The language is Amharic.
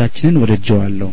ነፍሳችንን ወደጀዋለሁ።